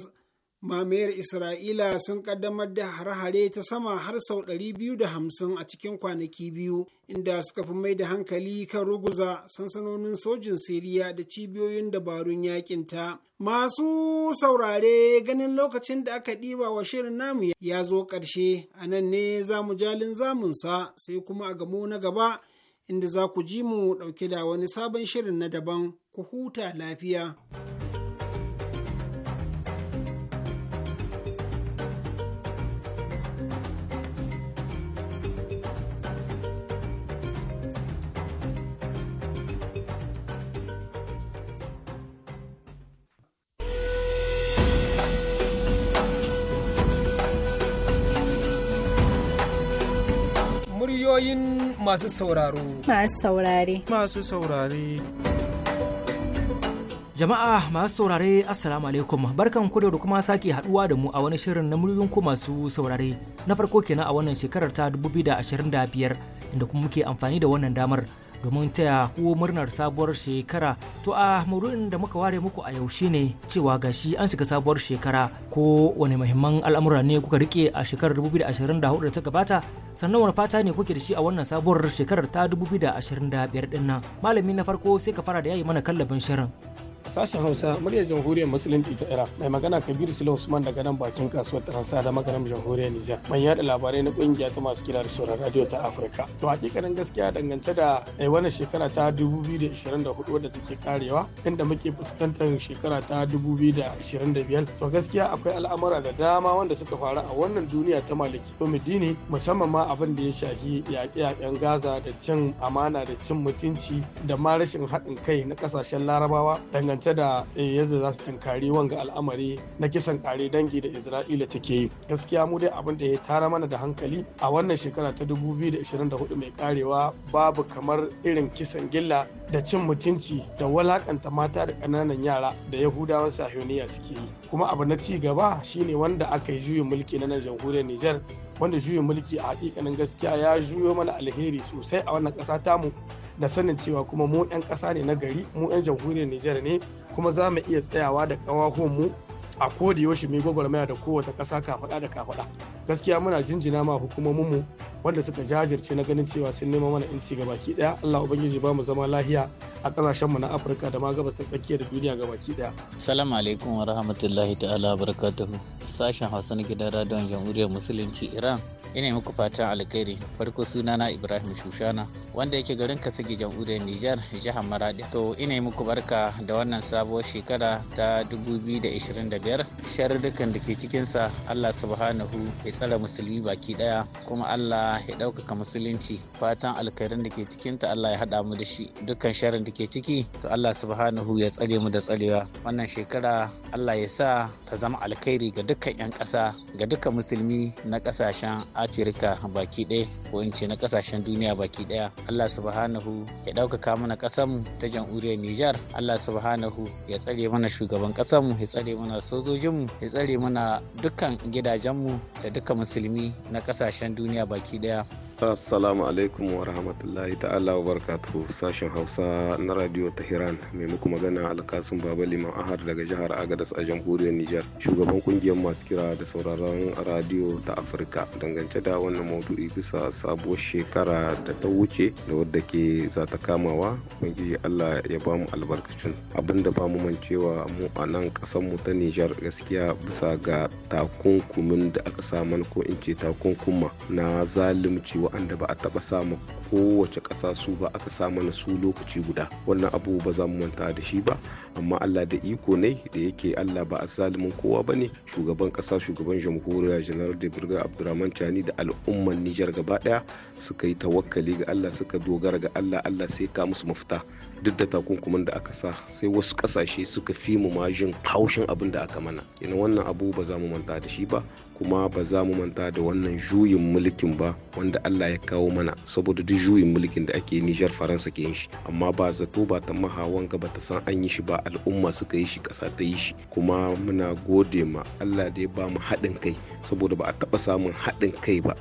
mamayar isra'ila sun kaddamar da hare-hare ta sama har sau 250 a cikin kwanaki biyu inda suka fi mai da hankali kan ruguza sansanonin sojin siriya da cibiyoyin dabarun yaƙinta. masu saurare ganin lokacin da aka ɗiba wa shirin namu ya zo ƙarshe a nan ne za mu jalin zamunsa sai kuma a gamo na gaba inda za ku ji mu ɗauke da wani sabon shirin na daban ku huta lafiya. ra'ayoyin masu sauraro. Masu saurare. Masu saurare. Jama'a masu saurare Assalamu alaikum barkan ku da kuma sake haduwa da mu a wani shirin na muryoyin ku masu saurare na farko kenan a wannan shekarar ta 2025 inda kuma muke amfani da wannan damar domin taya ku murnar sabuwar shekara to a murin da muka ware muku a yaushe shine cewa gashi an shiga sabuwar shekara ko wani mahimman al'amura ne kuka rike a shekarar 2024 da ta gabata sannan wani fata ne kuke da shi a wannan sabuwar shekarar ta 2025 din nan malami na farko sai ka fara da yayi mana kallabin shirin Sashen Hausa muryar jamhuriyar Musulunci ta ira mai magana Kabiru Sule Usman daga nan bakin kasuwar Taransa da magaram jamhuriyar Nijar. Mai yada labarai na kungiya ta masu kira da sauran radio ta Afirka. To hakikanin gaskiya dangance da ai eh, wannan shekara ta 2024 wadda take karewa inda muke fuskantar shekara ta 2025 to gaskiya akwai al'amura da dama wanda suka faru a wannan duniya ta maliki dini musamman ma abin da ya shafi yaƙe-yaƙen Gaza da cin amana da cin mutunci da ma rashin haɗin kai na kasashen Larabawa dangane dangance da eh, yadda za su tunkari wanga al'amari na kisan kare dangi da isra'ila take yi gaskiya mu dai abin da ya tara mana da hankali a wannan shekara ta 2024 mai karewa babu kamar irin kisan gilla da cin mutunci da walakanta mata da ƙananan yara da yahudawan sahiyoniya suke yi kuma abu na ci gaba shine wanda aka yi juyin mulki na nan jamhuriyar nijar. wanda juyin mulki a hakikanin gaskiya ya juyo mana alheri sosai a wannan ƙasa tamu da sanin cewa kuma mu 'yan ƙasa ne na gari mu 'yan jamhuriyar nijar ne kuma za mu iya tsayawa da mu a koda yaushe mai gwagwarmaya da kowace kasa kafaɗa da kafaɗa gaskiya muna jinjina ma hukumomin mu wanda suka jajirce na ganin cewa sun nema mana inci ga baki daya Allah ubangiji ba mu zama lahiya a kasashen mu na Afirka da ma gabas ta tsakiyar duniya ga baki daya Assalamu alaikum wa rahmatullahi ta'ala barakatuhu sashen Hausa na gidan radon Jamhuriyar Musulunci Iran ina muku fatan alkhairi farko sunana Ibrahim Shushana wanda yake garin Kasige Jamhuriyar Nijar jihar Maradi to ina muku barka da wannan sabuwar shekara ta 2025 dukan da ke cikin sa Allah subhanahu ya tsare musulmi baki daya kuma Allah ya ɗaukaka musulunci fatan alkhairin da ke cikin ta Allah ya haɗa mu da shi dukkan sharin da ke ciki to Allah subhanahu ya tsare mu da tsarewa wannan shekara Allah ya sa ta zama alkhairi ga dukkan 'yan ƙasa ga dukkan musulmi na kasashen Afirka baki ɗaya ko in ce na ƙasashen duniya baki ɗaya Allah subhanahu ya ɗaukaka mana mu ta jamhuriyar Nijar Allah subhanahu ya tsare mana shugaban mu ya tsare mana sojojin mu ya tsare mana dukkan gidajenmu da duka musulmi na kasashen duniya baki daya assalamu alaikum wa rahmatullahi ta'ala wa barkatu sashen hausa na radio tehran mai muku magana alkasun baba liman ahar daga jihar agadas a jamhuriyar nijar shugaban kungiyar masu kira da sauraron radio ta afirka dangance da wannan maudu'i bisa sabuwar shekara da ta wuce da wadda ke za ta kamawa ubangiji allah ya ba mu albarkacin abin da ba mu mancewa mu a nan kasan mu ta nijar gaskiya bisa ga takunkumin da aka sa mana ko in ce takunkuma na zalimci wa waɗanda ba a taɓa samu kowace ƙasa su ba aka samu mana su lokaci guda wannan abu ba za mu manta da shi ba amma allah da iko ne da yake allah ba a zalimin kowa ba ne shugaban ƙasa shugaban jamhuriya janar da birgar abdurrahman cani da al'umman nijar gaba ɗaya suka yi tawakkali ga allah suka dogara ga allah allah sai ka musu mafita duk da takunkumin da aka sa sai wasu ƙasashe suka fi mu majin haushin abin da aka mana ina wannan abu ba za mu manta da shi ba kuma ba za mu manta da wannan juyin mulkin ba wanda Allah ya kawo mana saboda duk juyin mulkin da ake Nijar Faransa ke yin shi amma ba zato ba ta mahawan ba ta san an yi shi ba al'umma suka yi shi kasa ta yi shi kuma muna gode ma Allah da ya ba mu haɗin kai saboda ba a taɓa samun haɗin kai ba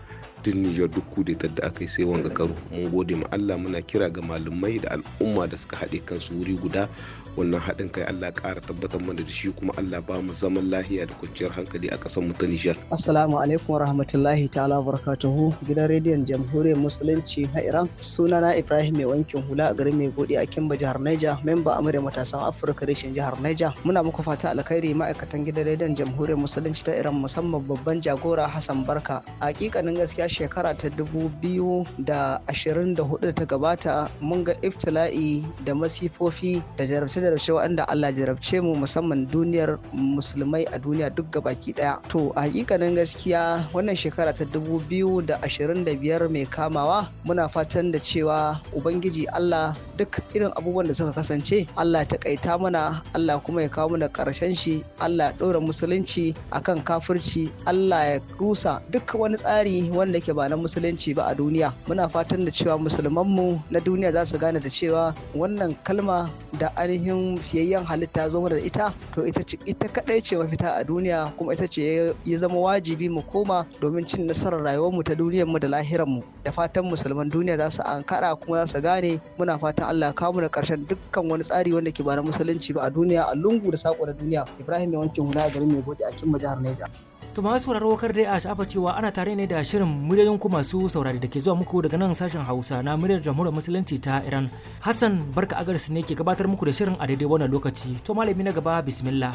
duk Nijar duk kudetar da aka yi sai wanga karo mun gode ma Allah muna kira ga malamai da al'umma da suka haɗe kansu wuri guda wannan haɗin kai Allah ƙara tabbatar mana da shi kuma Allah ba mu zaman lahiya da kwanciyar hankali a ƙasar mu ta Nijar. Assalamu alaikum warahmatullahi ta'ala barakatuhu gidan rediyon jamhuriyar musulunci na Iran sunana Ibrahim mai wankin hula a garin mai a Kimba jihar neja memba amurya matasan Afirka reshen jihar neja muna muku fata alkhairi ma'aikatan gidan rediyon jamhuriyar musulunci ta Iran musamman babban jagora Hassan Barka hakikanin gaskiya shekara ta dubu biyu da ashirin da hudu ta gabata mun ga iftila'i da masifofi da jarabtar rashe wanda Allah jarabce mu musamman duniyar musulmai a duniya duk gabaki daya to a hakikanin gaskiya wannan shekara ta dubu biyu da da ashirin biyar mai kamawa muna fatan da cewa ubangiji Allah duk irin abubuwan da suka kasance Allah ta kaita mana Allah kuma ya kawo mana karshen shi Allah ɗora musulunci akan kafirci Allah ya rusa duk wani tsari wanda ke ba na musulunci ba a duniya muna fatan da cewa musulmanmu na duniya za su gane da cewa wannan kalma da ainihin ainihin siyayyen halitta zo da ita to ita ita kadai ce mafita a duniya kuma ita ce ya zama wajibi mu koma domin cin nasarar rayuwar mu ta duniyar mu da lahirar mu da fatan musulman duniya za su ankara kuma za su gane muna fatan Allah kawo mu da karshen dukkan wani tsari wanda ke ba na musulunci ba a duniya a lungu da sako da duniya Ibrahim ya Yawancin Hula garin Mai Gode a kin jihar Niger To masu sauraro kar dai a sha'afa cewa ana tare ne da shirin muryoyin ku masu saurari da ke zuwa muku daga nan sashen Hausa na muryar Jamhuriyar Musulunci ta Iran. Hassan barka agarsu ne ke gabatar muku da shirin a daidai wannan lokaci. To malami na gaba bismillah.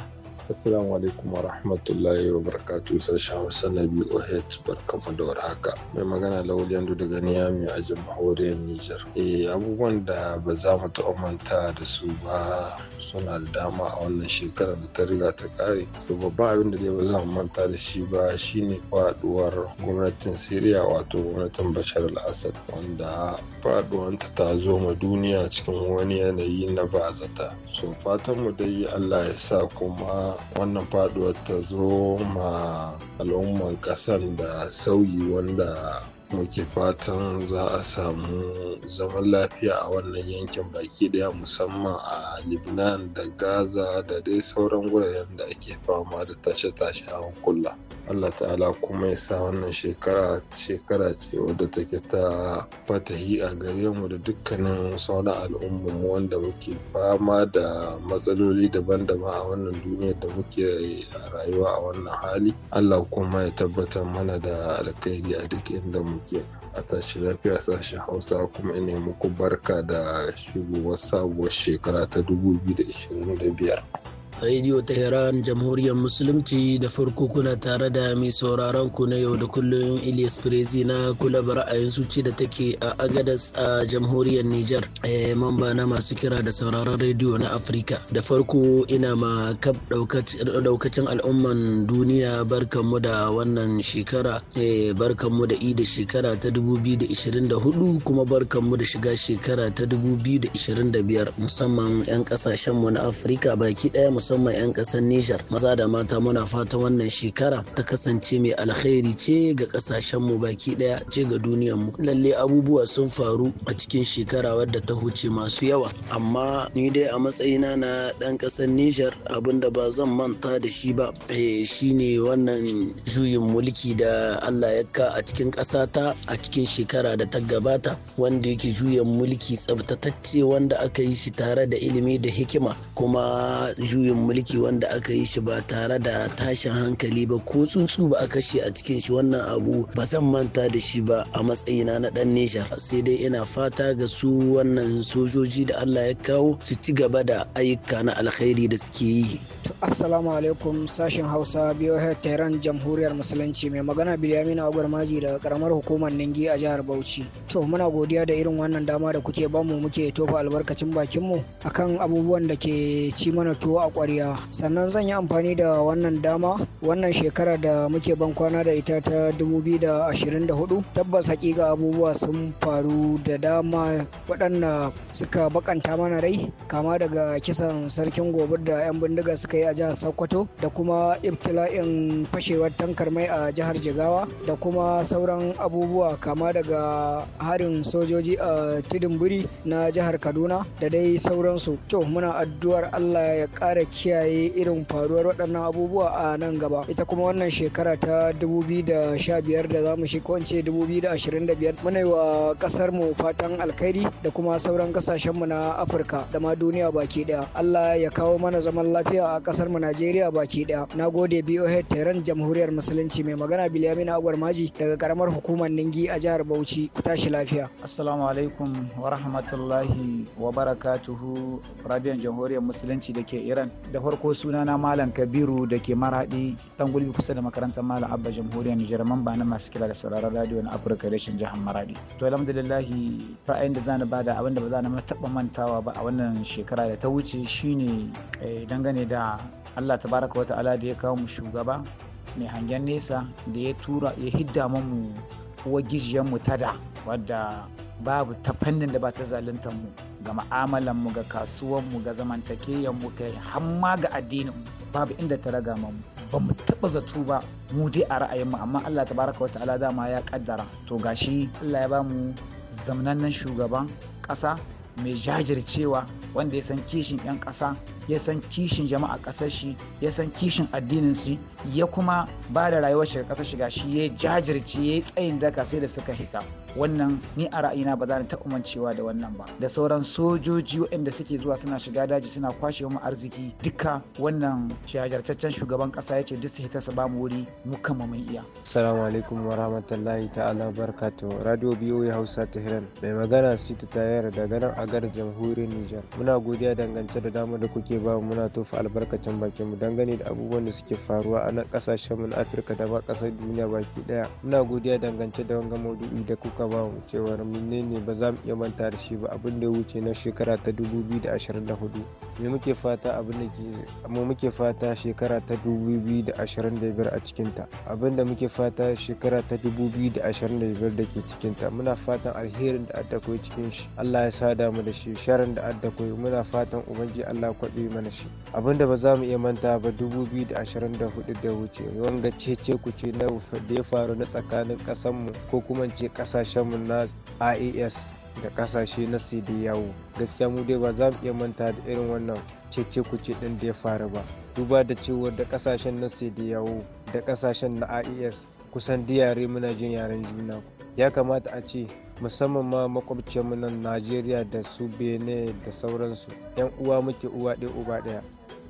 Assalamu alaikum wa rahmatullahi wa barakatu sashen Hausa na BOH barkamu da haka. Mai magana Lawal du daga Niyami a jamhuriyar Nijar. Eh abubuwan da ba za mu manta da su ba suna da dama a wannan shekarar da ta riga ta ƙare. To babban abin da ba za mu manta da shi ba shine faduwar gwamnatin Syria, wato gwamnatin Bashar al-Assad wanda faduwanta ta zo ma duniya cikin wani yanayi na bazata. So fatan mu dai Allah ya sa kuma wannan faduwar ta zo ma al'umman ƙasar da sauyi wanda muke fatan za a samu zaman lafiya a wannan yankin baki daya musamman a libnan da gaza da dai sauran wuraren da ake fama da tashe-tashe a hankula allah ta'ala kuma ya sa wannan shekara shekara ce wadda take ta fatahi a gare mu da dukkanin sauran al'ummarmu wanda muke fama da matsaloli daban-daban a wannan duniya da muke rayuwa a wannan hali allah kuma ya tabbatar mana da alkhairi a duk inda mu Nijar. A tashi lafiya sashen Hausa kuma ina muku barka da shigowar sabuwar shekara ta 2025. Radio Tehran Jamhuriyar Musulunci da farko kuna tare da mai sauraron ku na yau da kullum Ilyas Firezi na kulabar ra'ayin ce da take a Agadas a Jamhuriyar Nijar. Eh, mamba na masu kira da sauraron rediyo na afrika Da farko ina ma kab daukacin al'umman duniya barkanmu da wannan shekara. Eh, barkanmu da i da shekara ta 2024 kuma barkanmu da shiga shekara ta 2025 musamman 'yan kasashenmu na Afirka baki ɗaya musamman 'yan ƙasar Nijar. Maza da mata muna fata wannan shekara ta kasance mai alkhairi ce ga ƙasashenmu baki ɗaya ce ga duniyar mu. Lalle abubuwa sun faru a cikin shekara wadda ta huce masu yawa. Amma ni dai a matsayina na ɗan ƙasar Nijar abinda ba zan manta da shi ba eh, shine wannan juyin mulki da Allah ya ka a cikin ƙasata a cikin shekara da ta gabata wanda yake juyin mulki tsabtatacce wanda aka yi shi tare da ilimi da hikima kuma juyin juyin mulki wanda aka yi shi ba tare da tashin hankali ba ko tsuntsu ba a kashe a cikin shi wannan abu ba zan manta da shi ba a matsayina na dan nesha sai dai ina fata ga su wannan sojoji da Allah ya kawo su ci gaba da ayyuka na alkhairi da suke yi. Assalamu alaikum sashen Hausa biyo Tehran Jamhuriyar Musulunci mai magana Bilyamin maji daga karamar hukumar Ningi a jihar Bauchi. To muna godiya da irin wannan dama da kuke bamu muke tofa albarkacin bakinmu akan abubuwan da ke ci mana tuwo a ƙwarya sannan zan yi amfani da wannan dama wannan shekara da muke ban kwana da ita ta 2024 tabbas hakika abubuwa sun faru da dama waɗanda suka bakanta mana rai kama daga kisan sarkin gobe da 'yan bindiga suka yi a jihar sokoto da kuma ibtila'in fashewar tankar mai a jihar jigawa da kuma sauran abubuwa kama daga harin sojoji a tudun na jihar kaduna da dai sauransu to muna addu'ar allah ya ƙara kiyaye irin faruwar waɗannan abubuwa a nan gaba ita kuma wannan shekara ta 2015 da za mu shi kwance 2025 muna yi wa ƙasar mu fatan alkhairi da kuma sauran mu na afirka da ma duniya baki ɗaya. allah ya kawo mana zaman lafiya a ƙasar mu najeriya baki ɗaya. na gode boh tehran jamhuriyar musulunci mai magana bilyamin agwar maji daga karamar hukumar ningi a jihar bauchi ku tashi lafiya assalamu alaikum wa rahmatullahi wa barakatuhu radiyon jamhuriyar musulunci da ke iran da farko sunana malam kabiru da ke maradi ɗan gulbi kusa da makarantar malam abba jamhuriyar nijar ba na masu kira da sauraron radio na afirka reshen jihar maradi to alhamdulillahi ra'ayin da zani bada abin da ba za na taba mantawa ba a wannan shekara da ta wuce shine eh, dangane da allah tabaraka wata ala da ya kawo mu shugaba mai hangen nesa da ya tura ya hidda mu uwar gijiyar mu tada wadda babu ta fannin da ba ta zaluntar mu ga ma'amalan mu ga kasuwan mu ga zamantakeyan mu kai hamma ga addinin mu babu inda ta raga mu ba mu taba zato ba mu dai a ra'ayin mu amma Allah tabaraka wa ta'ala dama ya kaddara to gashi Allah ya bamu zamanannen shugaban ƙasa mai jajircewa wanda ya san kishin 'yan ƙasa ya san kishin jama'a kasar shi ya san kishin addinin shi ya kuma ba da rayuwar shiga ga shiga shi ya jajirce ya yi tsayin daka sai da suka hita wannan ni a ra'ayina ba za ni taɓa cewa da wannan ba da sauran sojoji waɗanda suke zuwa suna shiga daji suna kwashe mu arziki duka wannan shahararraccen shugaban ƙasa ya ce duk su hita su ba mu wuri mu kama iya assalamu alaikum wa rahmatullahi ta'ala barkatu radio biyu hausa hiran mai magana sita tayar daga nan a gar jamhuriyar nijar muna godiya dangance da damar da kuke ba muna tofa albarkacin bakinmu. dangane da abubuwan da suke faruwa a nan kasashen mu na afirka da ba kasar duniya baki ɗaya muna godiya dangance da wanga maudu'i da kuka gaba mu cewar menene ba za mu iya manta da shi ba abin da ya wuce na shekara ta 2024 me muke fata abin da ke mu muke fata shekara ta 2025 a cikin ta abin da muke fata shekara ta 2025 da ke cikin ta muna fatan alherin da koyi cikin shi Allah ya sada mu da shi sharan da koyi muna fatan ubangi Allah kwabe mana shi abin da ba za mu iya manta ba 2024 da wuce wanga cece ku ce na da ya faru na tsakanin kasanmu ko kuma ce kasa kasashenmu na ias e da kasashe na cd yawo gaskiya mu dai ba za mu iya manta da irin wannan cece kuce din da ya faru ba duba da cewa da kasashen na cd yawo da kasashen na ias e kusan diyare muna jin yaren juna ya kamata a ce musamman ma makwabciyarmu na najeriya da su bene da sauransu yan uwa muke uwa ɗaya uba ɗaya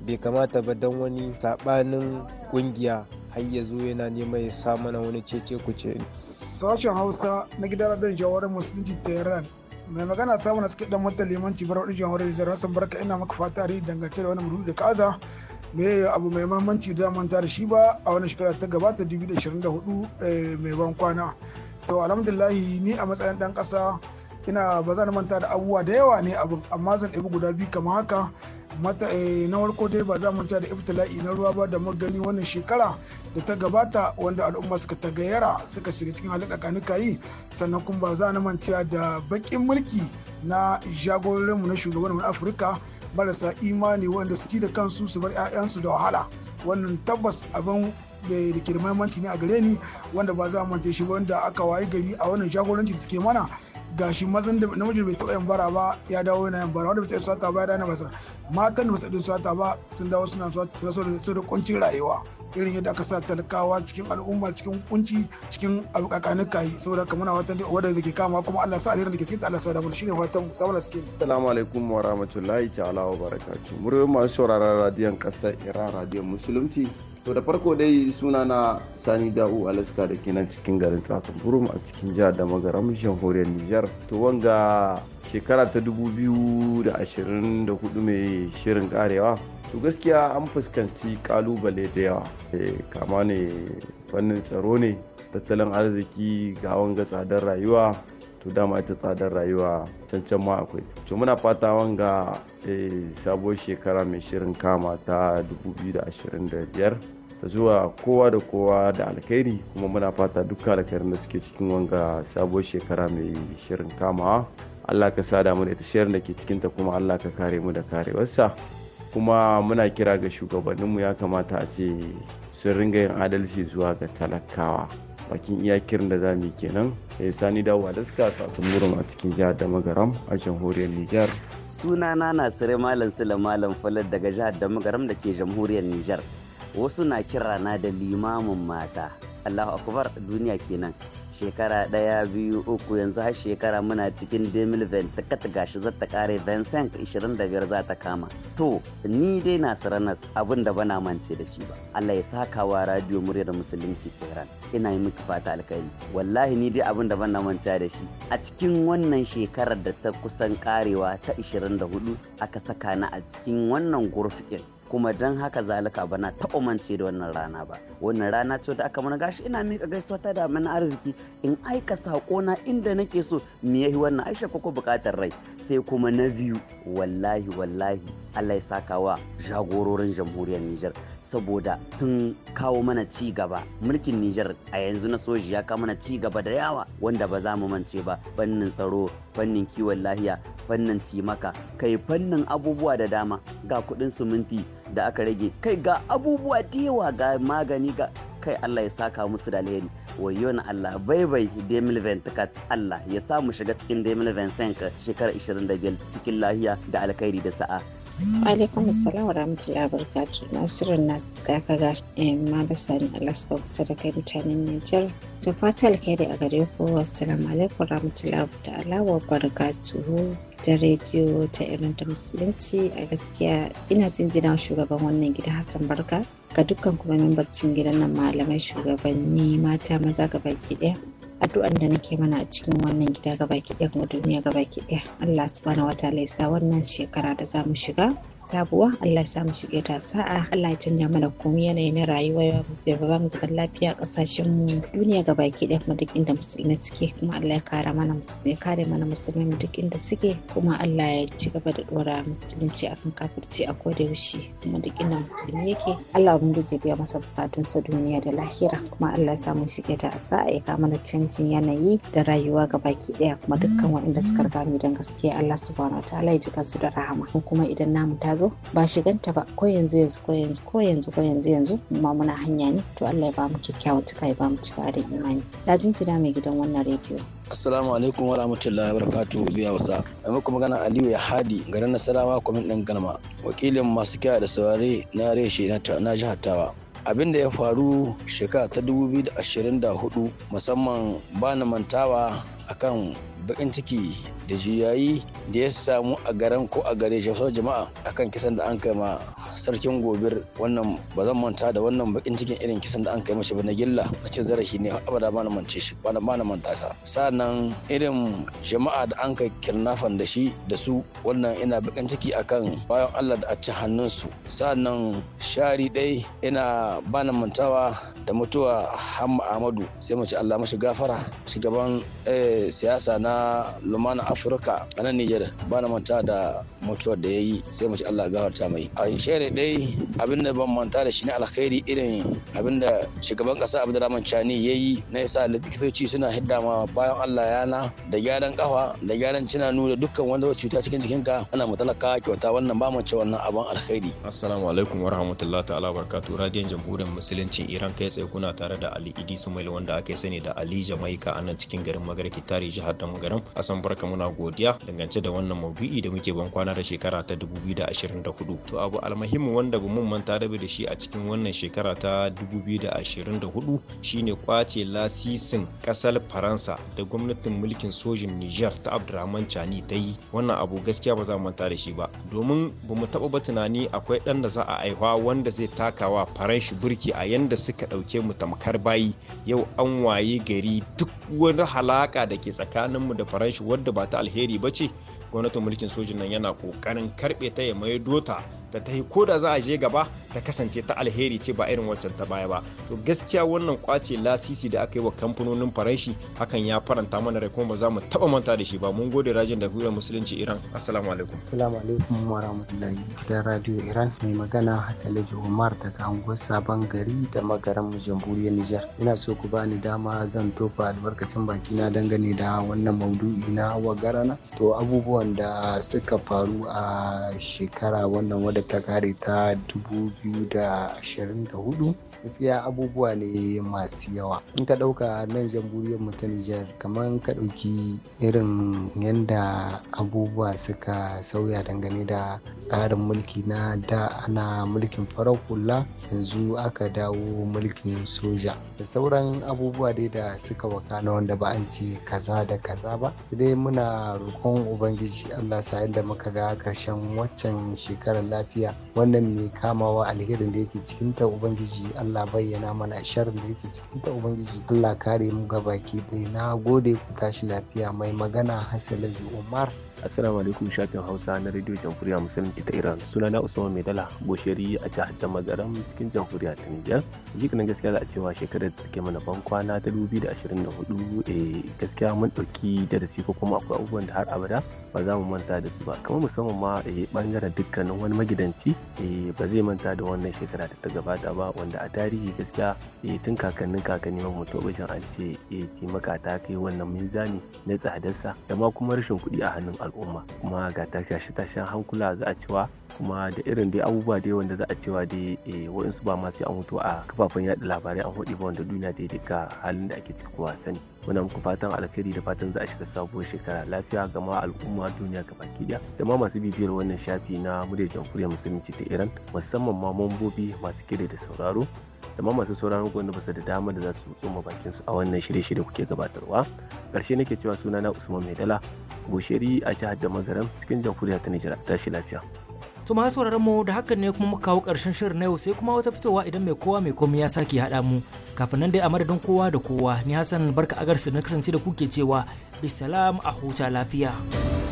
bai kamata ba don wani saɓanin ƙungiya har ya zo yana neman ya sa mana wani cece ni. Sashen Hausa na gidan radon jawarin Musulunci Tehran mai magana samun na suke dan mata limanci bar wadin jawarar Barka ina maka fata rai dangance da wani mutum da kaza me abu mai mahimmanci da manta da shi ba a wani shekara ta gabata 2024 eh, mai ban kwana. To alhamdullahi ni a matsayin dan kasa ina ba zan manta da abubuwa da yawa ne abin amma zan ɗabi guda biyu kamar haka mata eh, na warko dai ba za manta da ibtila'i na ruwa ba da magani wannan shekara da ta gabata wanda al'umma suka tagayyara suka shiga cikin halin tsakanin yi sannan kuma ba za na manta da baƙin mulki na jagororinmu na shugabanmu na afirka marasa imani wanda su da kansu su bar 'ya'yansu da wahala wannan tabbas abin da ke da mahimmanci ne a gare ni wanda ba za a manta shi wanda aka waye gari a wannan jagoranci da suke mana gashi mazan da namijin bai taɓa yin bara ba ya dawo yana yin bara wanda bai taɓa swata ba ya dawo yana basira matan da ba su taɓa ba sun dawo suna swata su da kunci rayuwa irin yadda aka sa talakawa cikin al'umma cikin kunci cikin abokakanin kayi saboda kamar na watan wadda da ke kama kuma Allah sa alheri da ke cikin Allah sa da mu shine fatan mu sabon suke assalamu alaikum wa rahmatullahi ta'ala wa barakatuh muryoyin masu sauraron radiyon kasar Iran radiyon musulunci to da farko dai suna na sani da'u alaska da ke cikin garin tsatsun a cikin jihar da magaram jamhuriyar nijar to wanga shekara ta 2024 mai shirin karewa to gaskiya an fuskanci kalubale da yawa eh, kama ne fannin tsaro ne tattalin arziki ga wanga tsadar rayuwa to dama ita tsadar rayuwa cancan ma akwai to muna fata wanga eh, sabuwar shekara mai shirin kama ta 2025 zuwa kowa da kowa da alkhairi kuma muna fata dukkan alkhairin da suke cikin wanga sabuwar shekara mai shirin kamawa allah ka sada mu da ita shirin da ke cikinta kuma allah ka kare mu da kare karewarsa kuma muna kira ga shugabanninmu ya kamata a ce sun ringa yin adalci zuwa ga talakawa bakin iyakirin da za mu yi kenan ya eh, sani dawowa da suka tsatsun murin a cikin jihar da a jamhuriyar nijar sunana na sire malam sule malam falad daga jihar damagaram da ke jamhuriyar nijar wasu na kira na da limamin mata allahu akbar duniya kenan shekara ɗaya biyu uku yanzu har shekara muna cikin demil ventakata gashi zata kare vincent 25 za ta kama to ni dai na saranas abin da bana mance da shi ba allah ya saka wa radio muryar musulunci iran ina yi miki fata alkali wallahi ni dai abin da bana mance da shi a cikin wannan shekarar da ta kusan karewa ta 24 aka saka na a cikin wannan gurfikin kuma don haka zalika bana taɓa mance da wannan rana ba wannan rana ce da aka mana gashi ina miƙa gaisuwa ta da mana arziki in aika saƙo na inda nake so me yahi wannan aisha ko buƙatar rai sai kuma na biyu wallahi wallahi Allah ya saka wa jagororin jamhuriyar Nijar saboda sun kawo mana ci gaba mulkin Nijar a yanzu na soji ya kawo mana ci gaba da yawa wanda ba za mu mance ba fannin tsaro fannin kiwon lahiya fannin cimaka kai fannin abubuwa da dama ga kuɗin siminti da aka rage kai ga abubuwa da yawa ga magani ga kai Allah ya saka musu da alheri wayo na Allah bai bai Demil Ventakat Allah ya samu shiga cikin Demil Vincent shekarar 25 cikin lahiya da alkhairi da sa'a alaikum assalam wa rahmatullahi wa barakatuh nasirin nasu ka ga da eh, sani alaska kusa da kai mutanen nijar to fata alkhairi a gare ku assalamu alaikum wa rahmatullahi wa barakatuhu ta rediyo ta irin ta musulunci a gaskiya ina jin jiran shugaban wannan gida hassan barka ga dukkan kuma membacin gidan nan malamai shugabanni mata maza baki daya addu'an da nake mana a cikin wannan gida gabaki daya kuma duniya gabaki ɗaya Allah subhanahu wataala ya sa wannan shekara da za mu shiga sabuwa Allah ya samu shige ta sa'a Allah ya canja mana komai yanayi na rayuwa ya ba mu zaman lafiya kasashen mu duniya ga baki ɗaya kuma duk inda musulmi suke kuma Allah ya kare mana musulmi kare mana musulmi duk inda suke kuma Allah ya ci gaba da dora musulunci akan kafirci a koda yaushe kuma duk inda musulmi yake Allah ubangiji biya masa bukatun sa duniya da lahira kuma Allah ya samu shige ta sa'a ya kama mana canjin yanayi da rayuwa ga baki ɗaya kuma dukkan waɗanda suka riga mu dan gaskiya Allah subhanahu wataala ya jika su da rahama kuma idan namu ta ta zo ba ganta ba ko yanzu yanzu ko yanzu ko yanzu ko yanzu yanzu ma muna hanya ne to Allah ya ba mu kyakkyawa tuka ya ba mu cika da imani lajin tida mai gidan wannan rediyo Assalamu alaikum wa rahmatullahi wa barakatuh biya wasa. A muku magana Aliyu ya hadi garin Nasarawa kwamin ɗin Galma. Wakilin masu kya da saurare na reshe na jihar Tawa. abin da ya faru shekara ta 2024 musamman ba na mantawa akan bakin ciki da juyayi da ya samu a garan ko a gare shi jama'a akan kisan da an kai ma sarkin gobir wannan ba zan manta da wannan bakin cikin irin kisan da an kai mashi ba na gilla na cin zarafi ne abada ba na mance shi ba na manta sa sannan irin jama'a da an kai kirnafan da shi da su wannan ina bakin ciki akan bayan Allah da a ci hannunsu sannan shari dai ina ba na mantawa da mutuwa Hamma Ahmadu sai mu ci Allah mashi gafara shugaban eh, siyasa na Lumana afirka a nan nijar ba na manta da mutuwar da ya yi sai mu ci allah gafarta mai a shere dai abin da ban manta da shi ne alkhairi irin abinda da shugaban kasa abdurrahman chani ya yi na yasa likitoci suna hidda ma bayan allah yana da gyaran kafa da gyaran cinanu da dukkan wanda cuta cikin jikinka ana ka kyauta wannan ba mu wannan abin alkhairi assalamu alaikum wa rahmatullahi ta'ala barakatuh radiyon jamhuriyar Musulunci iran kai tsaye kuna tare da ali idi sumail wanda ake sani da ali jamaika a nan cikin garin magarki tari jihar da garin asan barka muna godiya dangance da wannan maudu'i da muke ban kwana da shekara ta 2024 to abu almuhimmi wanda ba mun manta da da shi a cikin wannan shekara ta 2024 shine kwace lasisin kasar faransa da gwamnatin mulkin sojin niger ta abdurrahman chani ta yi wannan abu gaskiya ba za mu manta da shi ba domin ba mu taba ba tunani akwai ɗan da za a aihwa wanda zai takawa faranshi burki a yanda suka dauke mu tamkar bayi yau an waye gari duk wani halaka da ke tsakaninmu da faranshi wadda ba ta alheri ba ce gwamnatin mulkin sojin nan yana kokarin karbe ta ya maido ta da ta yi ko da za a je gaba ta kasance ta alheri ce ba irin waccan ta baya ba to gaskiya wannan kwace lasisi da aka yi wa kamfanonin faranshi hakan ya faranta mana rai kuma ba za mu taba manta da shi ba mun gode rajin da hura musulunci iran assalamu alaikum assalamu alaikum wa rahmatullahi da radio iran mai magana hasali umar daga angon sabon gari da magaran jamhuriyar nijar ina so ku bani dama zan tofa albarkacin na dangane da wannan maudu'i na wagarana to abubuwan da suka faru a shekara wannan wadda ta kare ta 2024 gaskiya abubuwa ne masu yawa in ka ɗauka nan jamhuriyar mu ta Nijar kamar ka ɗauki irin yadda abubuwa suka sauya dangane da tsarin mulki na da ana mulkin farar hula yanzu aka dawo mulkin soja da sauran abubuwa dai da suka waka na wanda ba an ce kaza da kaza ba su dai muna roƙon ubangiji allah sa da muka ga karshen waccan shekarar lafiya wannan mai kamawa alherin da yake cikin ubangiji allah bayyana mana sharrin da yake cikin ubangiji allah kare mu gabaki dai na gode ku tashi lafiya mai magana hasila umar Assalamu alaikum shafin Hausa na Radio Jamhuriya Musulunci ta Iran. suna na Usman Maidala Bosheri a jihar Damagaram cikin Jamhuriya ta Nijar. na gaskiya za a cewa shekarar da take mana ban kwana ta 2024 eh gaskiya mun ɗauki darasi ko kuma akwai abubuwan da har abada ba za mu manta da su ba. Kamar musamman ma eh bangaren dukkanin wani magidanci eh ba zai manta da wannan shekara da ta gabata ba wanda a tarihi gaskiya eh tun kakannin kakanni ma mutu an ce eh ci makata kai wannan minzani na tsadarsa da ma kuma rashin kuɗi a hannun al'umma kuma ga tashi tashen hankula za a cewa kuma da irin dai abubuwa dai wanda za a cewa dai eh, waɗansu ba masu sai an mutu a kafafen yaɗa labarai an hudu ba wanda duniya dai duka halin da ake ciki kowa sani muna muku fatan alkhairi da fatan za a shiga sabuwar shekara lafiya ga ma al'umma duniya ga baki daya da ma masu bibiyar wannan shafi na muryar jamhuriyar musulunci ta iran musamman ma mambobi masu kira da sauraro da ma masu sauran wanda ba da dama da za su tsoma bakin su a wannan shirye-shirye kuke gabatarwa karshe nake cewa suna na usman maidala bushiri a jihar da magaram cikin jamhuriyar ta nijar shi lafiya to ma sauraron mu da hakan ne kuma muka kawo karshen shirin na yau sai kuma wata fitowa idan mai kowa mai komai ya sake haɗa mu kafin nan dai a madadin kowa da kowa ni hassan barka agarsu na kasance da kuke cewa bisalam a huta lafiya.